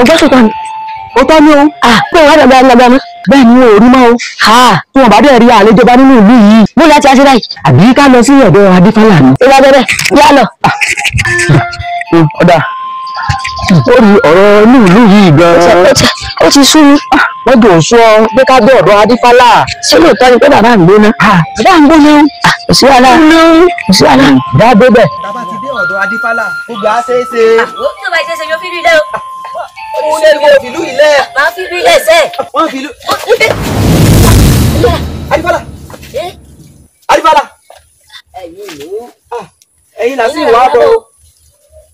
ọjọ́ tó tán ni. ó tán ni o. Ah, pé ìwà dàgbà ẹlẹgbẹ mọ. bẹ́ẹ̀ ni òru mọ́ o. tí wọn bá dẹ̀ rí àlejò bá nínú ìlú yìí. mo láti aṣọ báyìí. àbí ká lọ sí ọ̀dọ̀ adífálà ni. ìwà bẹ̀rẹ̀ yá lọ. ọ̀dà ó rí ọ̀rọ̀ inú ìlú yìí gan-an. ó ti sú mi. Ah, wọ́n jò ń sọ pé ká dé ọ̀dọ̀ adífálà. ṣé lóòótọ́ ni pé bàbá ń gbóná. Ah. bàbá ń gbóná kò sí wàhálà kò sí wàhálà. bá a dé bẹ̀. bàbá ti dé ọ̀dọ̀ adífálà gbogbo àṣeéṣe. ó tí ò bá ṣe é ṣe yóò fi rí i lẹ́wọ̀ ṣe wọ́n fìlú ilẹ̀. máa fi rí ilẹ̀ sẹ́. wọ́n fìlú. adifala. adifala. ẹ̀yin ìlú. ẹ̀yin là sí ìwà bọ̀.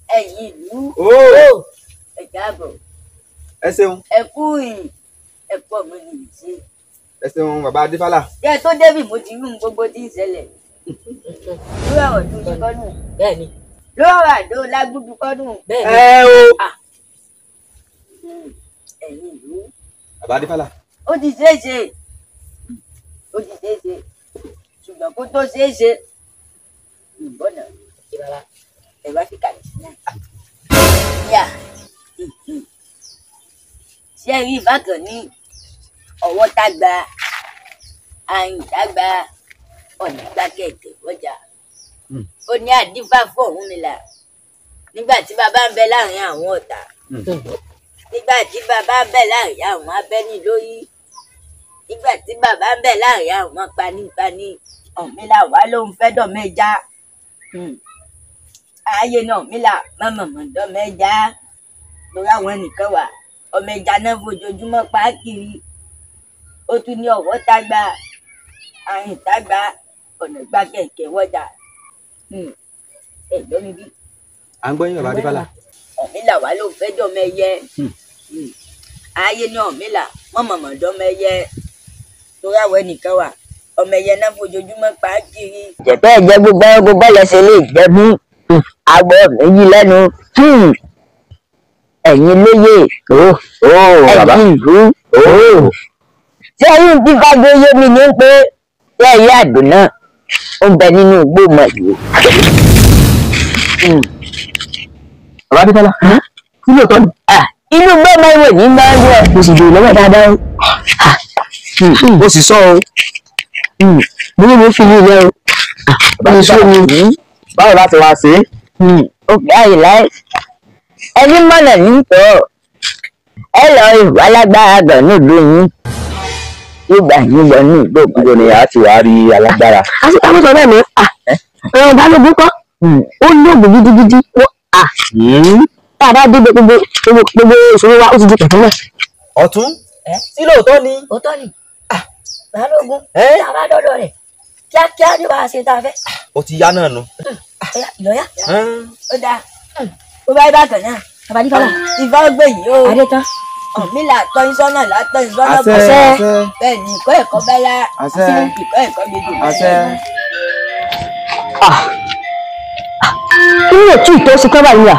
ẹ̀yin ìlú. ẹ káàbọ̀. ẹ ṣeun. ẹ kú ìyìn ẹ pọ̀ mọ́ ní ìṣe. ẹ ṣeun bàbá adifala. kí ẹ tó débì mo ti rún gbogbo tí ń ṣẹlẹ̀. lórí àwọn tó ń kọ́nù. bẹ́ẹ̀ ni. lórí àwọn àdó lágbúdú kọ́nù. bẹ́ẹ̀ ni. ẹ o ẹ̀yìn ìlú. bàbá adébálà. ó di ṣeéṣe ó di ṣeéṣe ṣùgbọ́n kó tó ṣeéṣe ìbọn náà ti bàbá ẹ wá fi kàlẹ̀ sí náà. yà ṣé ẹ rí bákan ní ọwọ́ tá gba àyìntá gba ọ̀nà gbákẹ́ẹ̀kẹ́ ọjà hmm. ó ní àdífá fún òun nìlà nígbà tí bàbá ń bẹ láàrin àwọn ọ̀tá. Hmm nígbà tí bàbá bẹ̀ láàrin àwọn abẹ́ni lórí nígbà tí bàbá bẹ̀ láàrin àwọn panípaní ọ̀mílà wà ló ń fẹ́ dọ̀mẹ́já hmm. ayé náà ọ̀mílà mọ̀mọ̀mọ̀ dọ̀mẹ́já lórí àwọn nìkan wà ọmọ ẹja náà fojoojúmọ́ páàkiri ó tún ní ọ̀wọ́ tágbà àrùn tágbà ọ̀nà gba kẹ̀kẹ́ wọ́jà hmm. ẹ̀ lómi bí. à ń gbọ́ yín ọ̀rọ̀ adébálà. ọ̀mílà wà ló fẹ́ dọ̀mẹ́yẹ. Hmm. Hmm. ayé ní ọ̀mìlà wọ́n mọ̀mọ́ dọ́mọ ẹyẹ torí àwọn ẹnìkan wà ọmọ ẹyẹ náà fojoojúmọ́ pa á kiri. jẹ̀tẹ́ ẹ̀jẹ̀ gbogbo gbogbo lẹ́sẹ̀ lè jẹ́ bí hmm. àgbọ̀ méjì lẹ́nu hmm. ẹ̀yin lóye oh, oh, ẹ̀yin ìlú. Oh. ṣé ẹ̀yin bí fágbó yé mi ní pé lẹ́yìn àdùn náà ó ń bẹ nínú igbó mọ̀jú. bàbá adékọ́lá kí ló tọ́ ni. Ah inú gbọ́mọ ìwé ní bá ń yẹ mo sì dè lọ́wọ́ dáadáa o ah, hmm, hmm. mo sì sọ o hmm, mo ní mo fi yí lẹ o báyìí ah, sọ mi báwo láti wá sí. ó báyìí láì ẹni mọ̀nà nítọ́ ẹ lọ ìwà alágbára gbọ̀n nílùú yín yóò gbà yín lọ ní ìgbò gbogbo ni a ti wá rí alágbára. a ti pàmò sọ bẹ́ẹ̀ mi ọ̀rọ̀ ah, eh? ìbálòpọ̀ kọ́ ó ní òògùn gidigidi tá a bá dìbò gbogbo gbogbo ìṣòro wa ó ti di kẹ̀kẹ́ náà. ọ̀tún sí lóòótọ́ ni. òótọ́ ni ah. balógun tá a bá dọ́dọ̀ rẹ̀ kíákíá ni wàá ṣe tá a fẹ́. o ti yá náà nu. lọ́yà hmm. ó dáa hmm. ó bá ibà kàn náà àbálífàlà. Ah. ìfà ó gbé yìí o. adé tán ọ̀mílà tọ́yìnsọ́nà látọ́yìnsọ́nà bọ̀sẹ̀ bẹ́ẹ̀ ni ìkọ́ ẹ̀kọ́ bẹ́lá àti ìkọ́ ẹ̀kọ́ méjì bẹ́ẹ̀. Ah. kí ló tún tó ṣe kọ́ báyìí à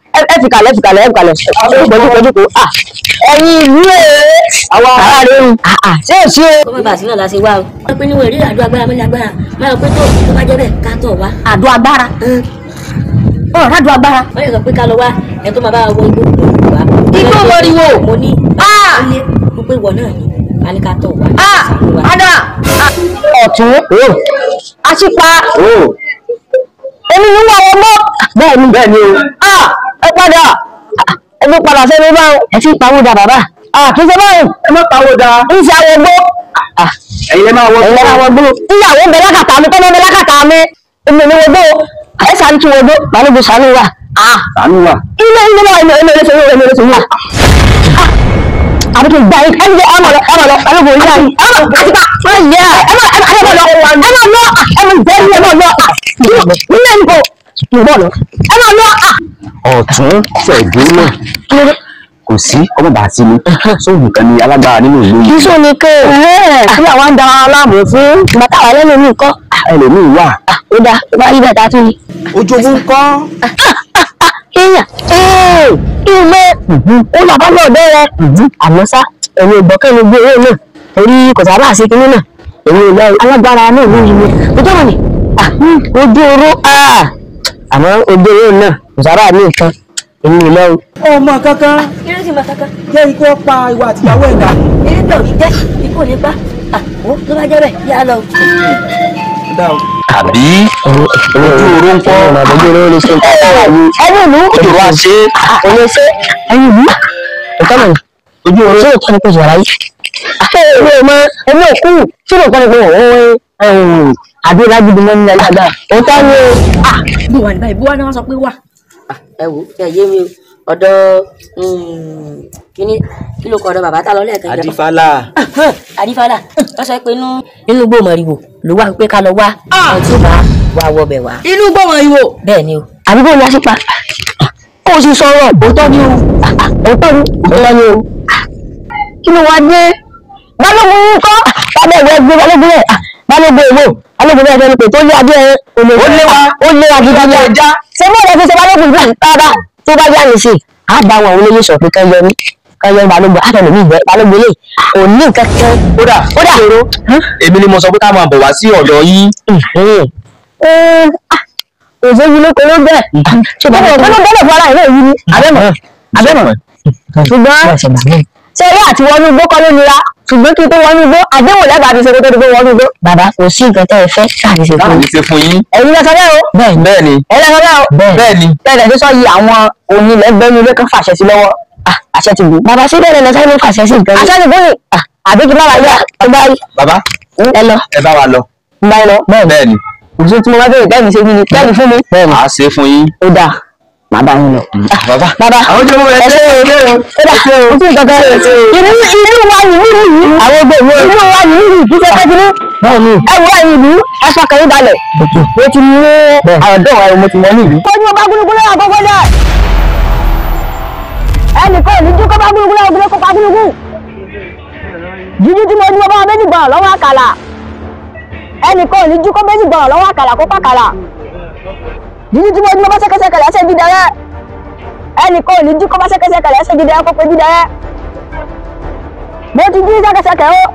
ẹ fi kalẹ̀ fi kalẹ̀ ẹ fi kalẹ̀ pẹ̀lú pẹ̀lú kò à ẹ̀yin ìlú ẹ̀ àwọn ará rẹ̀ ń ah, ah, ṣé ò ṣe. ó bá bàtí náà la ṣe wá o. wọ́n pe níwọ̀n èrè àdó agbára mi lágbára máa yọ pé tó tó bá jẹ́ bẹ́ẹ̀ ká tọ̀ wá. àdó agbára ọ̀rọ̀ àdó agbára. wọ́n yẹ kó pé ká lọ wá ẹ tó máa bá wọ igbó lórí wa. igbó lórí wo. mo ní ilé ah! mo pé ìwọ náà ni àníká tọ̀ wá. ada ọ̀tún àṣìpa oh. omi oh. ni wọ́n wọ́n mọ́. bẹ́ẹ̀ padà ẹbí padà sẹ́ni báwọn ẹ ti ń pawódà bàbá kì í ṣe báwọn ẹ má ń ṣe awọgbó ẹ̀yin ẹ máa wọgbó ìyàwó bẹ lákàtà mi tọ́lọ́ bẹ lákàtà mi èmi ni wọgbó ẹ sàn tún wọgbó balógun sànú wa. sànú wa. ilé ilé wa ẹni ẹni ẹlẹsẹ ẹni ẹlẹsẹ wa. àbúkí gba yìí ẹni ẹ má ẹ má ẹ ọ̀tún fẹ̀gbẹ́ náà kò sí ọmọ bá sí ni sóò nìkan ni alágbára nínú ìlú yìí. kíso ni ké kí làwọn ń da ara láàmú fún bàtà wà lẹ́nu mi kọ́. ẹlòmíì wà. ó dáa ó bá rí bàtà tún ni. ojú ogun kọ́. èèyàn ìmọ̀ mhmm. ó bàbá náà bẹ̀rẹ̀ àmọ́ sá ẹ̀yin ò bọ̀kẹ́ ló gbé owó náà torí kò sábà ṣe kinní náà èmi ò lọ alágbára náà ló yí mi ojú ọ̀nì ojú oró àmọ́ obìnrin yìí náà kò sábà ní nǹkan èmi ò lọ. ọmọ kankan jẹ́ ikú ọ̀pá ìwà àtìyàwó ẹ̀dá. eré bẹ́ẹ̀ òní jẹ́ ikú òní pa àpò tó bá jẹ́ bẹ́ẹ̀ yá lọ. àbí ojú oró ń pọ́ ojú oró ló ṣe ń pọ́ ẹ̀yìn ìlú ojú oró àṣẹ òun ṣe ẹ̀yìn ìlú ìkànnì ojú oró ṣe ìkànnì pẹ̀lú àlàyé. ẹ̀yìn ìlú ọmọ ẹ̀mí òkú ṣé ìkànnì pẹ̀lú ọ̀hún ẹ̀yìn ìlú àbí lágídí mọ́ nílẹ̀ dáadáa òótọ́ ni o. Ah, bí wàá nígbà ìbúwá ni wọ́n sọ pé wà. Ah, ẹ wo ẹ yé mi o ọ̀dọ̀ hmm, kíní kí ló kọ ọ̀dọ̀ bàbá tá lọ lẹ́ẹ̀kan. àdìfálà. àdìfálà wọ́n sọ pé inú gbó mọ̀rìwò ló wà pé ká lọ wá ah! ọtí máa wá wọbẹ̀ wá. inú gbó mọ̀rìwò. bẹ́ẹ̀ ni o àbí bóyá sípa kó o sì sọ̀rọ̀ òótọ́ ni o òótọ́ ni òótọ́ ni o kí ló wá dé balógun kọ́ ọmọ ìwé gbé balógun rẹ̀ balógun èwo balógun bẹ́ẹ̀ fẹ́ni pé tó lé adé olówó ó léwa ó léwa gidi ní ọjà ṣé mo rẹ̀ fi ṣe balógun gbà rárá tó bá yá nìṣe á bá wọn àwọn olóyè sọ pé kán yọ ní kán yọ balógun àtọ̀ lómi ìgbẹ́ balógun lè kò ní nǹkan kan. ó dà ó dà ṣòro èmi ni mo sọ pé ká máa bọ̀ wá sí ọ̀dọ̀ yín. òṣèlú ló kọ́ ló bẹ́ẹ̀ ṣe bá wọn kọ́ ló bẹ́ẹ̀ fún ara ìlú yìí ni abẹ́mọ̀ abẹ́mọ̀ ṣùgbọ́n ṣe eré àtiwọ́nú gbókọ́ ló nira ṣùgbọ́n kí n tó wọnú igbó àdéhùn lẹ́bàá ti ṣe tó di wọnú igbó. bàbá kò sí nǹkan tẹ́ ẹ fẹ́ káàdì ṣe fún mi. ṣe fún yín. ẹ̀yin lẹ́sọ̀ bẹ́ẹ̀ o. bẹ́ẹ̀ ni. ẹ̀yin lẹ́sọ̀ bẹ́ẹ̀ o. bẹ́ẹ̀ ni. bẹ́ẹ̀ ni àwọn òyìn lẹ́gbẹ́ni ilé kan fàṣẹ sí lọ́wọ́ ah, àṣẹ ti bù. bàbá sí bẹ́ẹ̀ lẹ́sọ̀ ló fàṣẹ sí nǹkan. àṣẹ ti bù ni ah, àbí kí bàbá yá ẹ bá yí. bàbá ẹ bá wa lọ bàbá yín lọ. Mm, bàbá bàbá àwọn jẹ́ wọ́n ẹ̀ṣẹ́ ẹ̀ṣẹ́ ẹ̀ṣẹ́ ẹ̀ṣẹ́ kankan ìrìn ìlú wa yìí nínú yìí àwọn gbogbo ìlú wa yìí nínú yìí kíkẹ́ kékeré. báwo ni. ẹ wọ ẹyin ìlú aṣọ kan yín balẹ̀. mo ti mú ọ̀dọ́ wa mo ti mọ ní ìlú. kọ́ni ọba gúnugún lọ́wọ́ àkọ́kọ́ dà. ẹnì kan ò ní jú kọ́ba gúnugún lọ́wọ́ gúnugún kọ́ba gúnugún. jíjí tí mo ní ọba méjì gbọ̀n lọ́wọ́ àkàlà ẹnì kan ò ní jú kọ́ méjì gbọ̀n lọ́wọ́ àkàlà kó pàkàlà jíjí tí mo jí mo bá ṣẹ́kẹ́ṣẹ́ kẹlẹ́ ṣe dídá rẹ̀ ẹnìkan ò ní jí kó bá ṣẹ́kẹ́ṣẹ́ kẹlẹ́ ṣe dídá rẹ̀ kó pe dídá rẹ̀ mo ti jí ṣẹ́kẹ́ṣẹ́kẹ́ o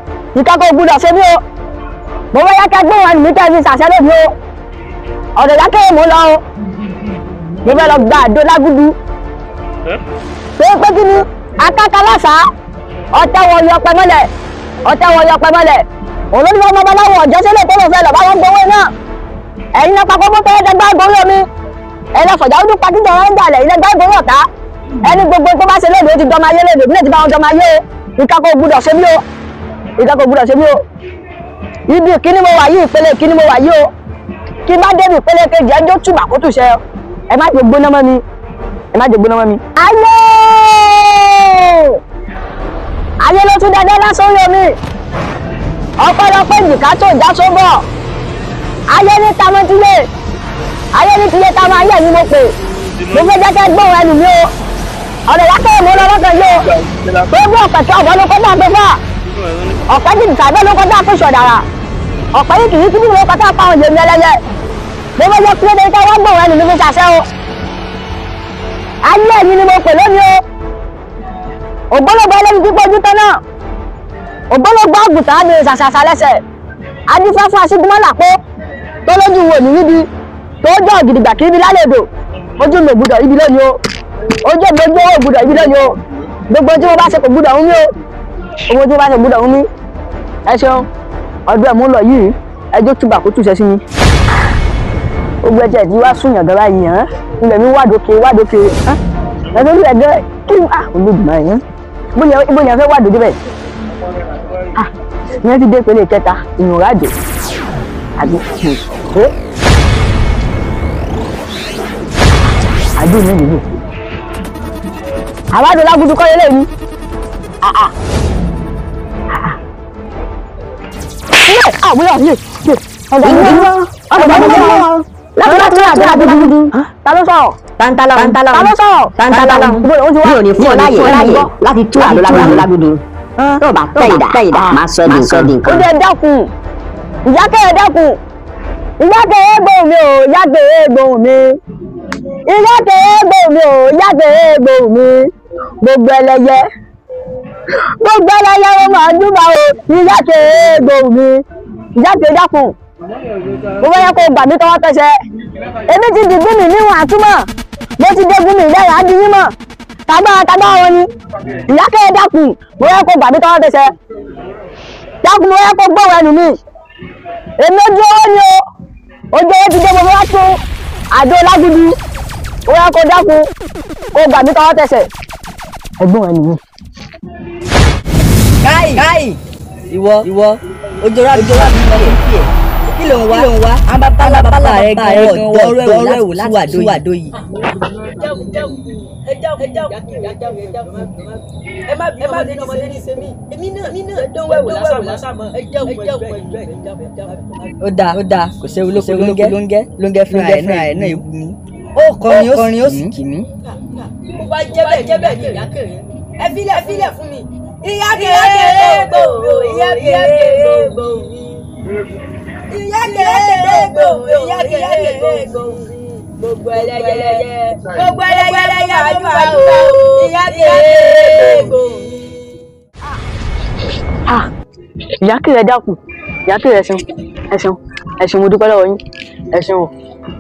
ìkàkọ̀ ògbúdọ̀ ṣe mí o mo wáyá kẹgbẹ́ wọn mi tẹ́lẹ̀ ṣàṣẹ lómi o ọ̀dọ̀ lákẹ́yìn mo lọ o mo fẹ́ lọ gba àdó lágúdú pé pé kí ni akáka lọ́sà ọ̀tẹ̀ wọ yọ pẹ́ mọ́lẹ̀ ọ̀tẹ̀ wọ yọ pẹ́ mọ́lẹ̀ òun ló ní wọn babaláwo ọ̀jọ́sílẹ̀ tó lọ fẹ́ lọ bá wọn gbowó náà ẹ̀yin náà papọ̀ mọ́tò ẹ̀ẹ́dẹ́gbá gorí omi ẹ̀yin náà fọ̀jà ọdún pàtó ìjọba ẹ̀ńdà lẹ̀ ẹ̀ẹ́dẹ́gbá gorí ọ̀tá ẹni gbogbo tó bá ṣe léde ó ti dọ́mọ ayé léde ìbílẹ̀ ti bá wọn dọ́mọ ayé o ìkàkọ̀ gbúdọ̀ ṣe bí o ìkàkọ̀ gbúdọ̀ ṣe bí o ibi kíní mo wà yìí ìpele kíní mo wà yìí o kí n bá débi ìpele kejì ẹjọ́ túbà kó tù ṣe ẹ má tó já sóbọ ayé ní tamọ́tílé ayé ni tilé tamọ́ ayé ni mo pè mo fẹ́ jẹ́ kẹ́ gbóhùn ẹnu mi o ọ̀nà ìyákẹ́ mo lọ lọ́kàn yìí o gbogbo ọ̀pẹ̀ tí ọ̀bọ ló kọjá pé fà ọ̀pẹ̀ tí ìtàgbẹ́ ló kọjá pé ṣọ̀dàrà ọ̀pẹ̀ yìí kì í kí ló kọjá pa òye mi ẹlẹ́yẹ mo fẹ́ jẹ́ kí ló dé kẹ́ wọ́n gbóhùn ẹnu mi fi ṣàṣẹ o ayé mi ni mo pè lónìí o ògbólógbó ẹlẹ́ni pípọ̀ ojú tán náà ògbólógbó àgùntàn mi ṣàṣàṣà lẹ́sẹ̀ adífáfá sígúnmọ́ làpó tó lójú wo ní níbi tó jọ gidigba kí ibi lálejò ojú mi ò gbúdọ̀ ibi lónìí o ojú mi ojú owó gbúdọ̀ ibi lónìí o gbogbo tí mo bá ṣe kò gbúdọ̀ ń mí o owó tí mo bá ṣe gbúdọ̀ ń mí ẹ ṣeun ọdún ẹ̀ mú lọ yìí ẹjọ́ túbà kó túṣẹ́ sí mi gbogbo ẹ̀jẹ̀ tí wàá sùn yàgàrà yìí hàn ilẹ̀ mi wádòkè wádòkè hàn ẹ̀jẹ̀ orí ẹ̀jẹ̀ kí n ah olódùmọ̀ yẹn bóyá fẹ́ wádòkè bẹ́ẹ̀ ah àbí kò àbí inú ìlú àwádìí lágùdù kọ́ lélẹ̀ mi ilé àwúrò ilé ọ̀dọ̀ ìlú ọ̀dọ̀ ìlú láti láti láti láti dúdú ta ló sọ̀rọ̀ tantalam tantalam ta ló sọ̀rọ̀ tantalam mi ò ní fún ọ láyè láti tú àlọ́ lágùdù tó o bá tẹ̀ ìdá máa sọ di nǹkan di nǹkan. ó jẹ́ dákun ìyá kẹrẹ dẹ́kun ìyá mi ò ìyá kẹrẹ mi ìyá kẹrẹ mi ò ìyá kẹrẹ mi gbogbo ẹlẹ́yẹ gbogbo ẹlẹ́yẹ wọn máa dúbà o ìyá kẹrẹ mi ìyá kẹrẹ dẹ́kun mo fẹ́ gbà mí tọwọ́ tẹsẹ̀ èmi ti dìgbì mí níwọ̀n àtúmọ̀ mo ti dé gúnmi ìlẹ́yà á di mímọ̀ tagbára tagbára wọn ni ìyá kẹrẹ dẹ́kun mo fẹ́ gbà mí tọwọ́ tẹsẹ̀ dẹ́kun mo fẹ́ kó mi èmi ojú owó ni o ojú owó ti dé gbogbo tún àdó lágídí ó yẹ kó dákun kó gbà mí káwọ́ tẹsẹ̀ ẹ̀gbọ́n ẹ nìyí. káì káì ìwọ ìwọ ojú ọ̀rá mi lọ sí ẹ̀ kí ló ń wá àwọn bàbá bàbá rẹ̀ gan ọ̀rọ̀ ẹ̀wò láti wàdó yìí dákun ẹ dákun ẹ dákun ẹ dákun ẹ dákun ẹ má bí ọmọdé ní ọmọdé ní sẹmí èmi náà èmi náà dán wẹwò lásàmọ ẹ dákun ẹ dákun ẹ dákun. ó dáa ó dáa kò séwu ló séwu ló ń gẹ ló ń ó kọrin ó sì kì mí. bá jẹ́ bẹ́ẹ̀ jẹ́ bẹ́ẹ̀ ni ẹ fílẹ̀ fún mi ìyá kẹrẹ gbòòrò ìyá kẹrẹ gbòòrò ìyá kẹrẹ gbòòrò ìyá gbogbo ẹlẹgẹlẹgẹ gbogbo ẹlẹgẹlẹgẹ àdúrà o ìyá ti ẹgbẹ ìyá kìrẹ ah. ah. dákun ìyá kìrẹ ẹsùn ẹsùn ẹsùn mo dúpẹ́ lọ́wọ́ yín ẹsùn o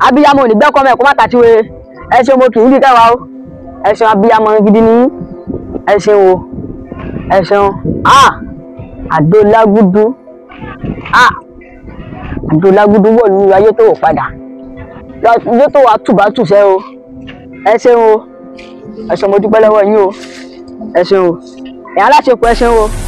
abiyamọ ò ní gbẹ́kọ̀ mẹ́kọ́ má tàtí wẹ́rẹ́ ẹsùn mo kì í rí kẹwàá o ẹsùn abiyamọ gidi ni ẹsùn o ẹsùn a àdólágúdú a àdólágúdú wọ̀ lórí ayé tó wò padà lẹ́tò wa tùbátùṣẹ́ o ẹ ṣeun o ẹ ṣeun mo dúpẹ́ lọ́wọ́ yín o ẹ ṣeun o ìyá aláṣepọ̀ ẹ ṣeun o.